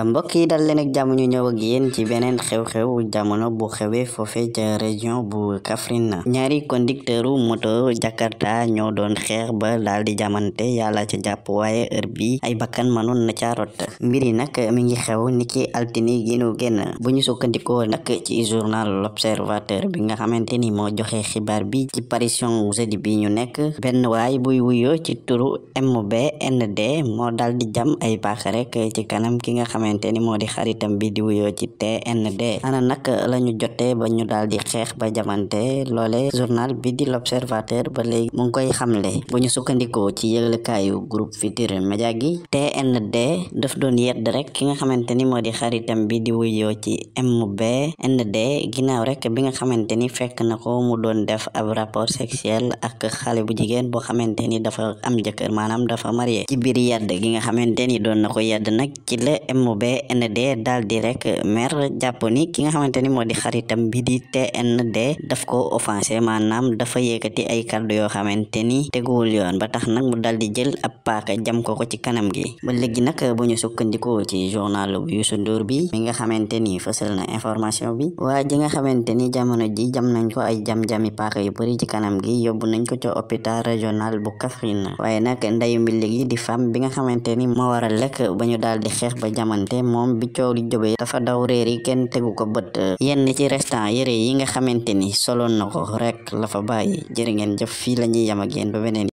mbokk yi dal leen ak jàmm ñu ñëw ak yéen ci beneen xew-xew jamono bu xewee foofe ca région bu Kaffrine ñaari conducteuru moto Jakarta ñoo doon xeex ba daal di jamante yàlla ci jàpp waaye heure bi ay bakkan mënoon na ca rot mbir yi nag mi ngi xew ni ki altini ginu génn bu ñu sukkandikoo nag ci journal l'Observateur bi nga xamante ni moo joxe xibaar bi ci parution jeudi bi ñu nekk benn waay buy wuyoo ci turu MBND moo daal di jam ay baax rek ci xamante ni moo di xaritam bi di wuyoo ci TND ana nag la ñu jotee ba ñu daal di xeex ba jamante loole journal bi di l'observateur ba léegi mu ngi koy xamle bu ñu sukkandikoo ci yëglekaayu groupe Futurs Médias gi TND daf doon yedd rek ki nga xamante ni moo di xaritam bi di wuyoo ci MBND ginnaaw rek bi nga xamante ni fekk na ko mu doon def ab rapport sexuel ak xale bu jigéen boo xamante ni dafa am jëkkër maanaam dafa marié ci biir yedd gi nga xamante ni doon na ko yedd nag ci la boobee ND daal di rek mer jàpp ni ki nga xamante ni moo di xaritam bi di TND daf ko offensé maanaam dafa yëkkati ay kàddu xamante ni teguwul yoon ba tax nag mu daal di jël a paaka jam ko ko ci kanam gi ba léegi nag bu ñu sukkandikoo ci journal bu Youssou Ndour bi mi nga xamante ni fësal na information bi waa ji nga ni jamono ji jam nañ ko a jam-jami paaka yu bëri ci kanam gi yóbbu nañ ko ci hôpital régional bu Kaffrine waaye nag ndayu mbi léegi di femme bi nga xamante ni moo waral lekk ba ñu daal di xeex ba xamante moom bi coow li jëbee dafa daw réeri kenn bët yenn ci restant yére yi nga xamante ni soloon na ko rek la fa bàyyi jërë ngeen jëf fii la ñuy yam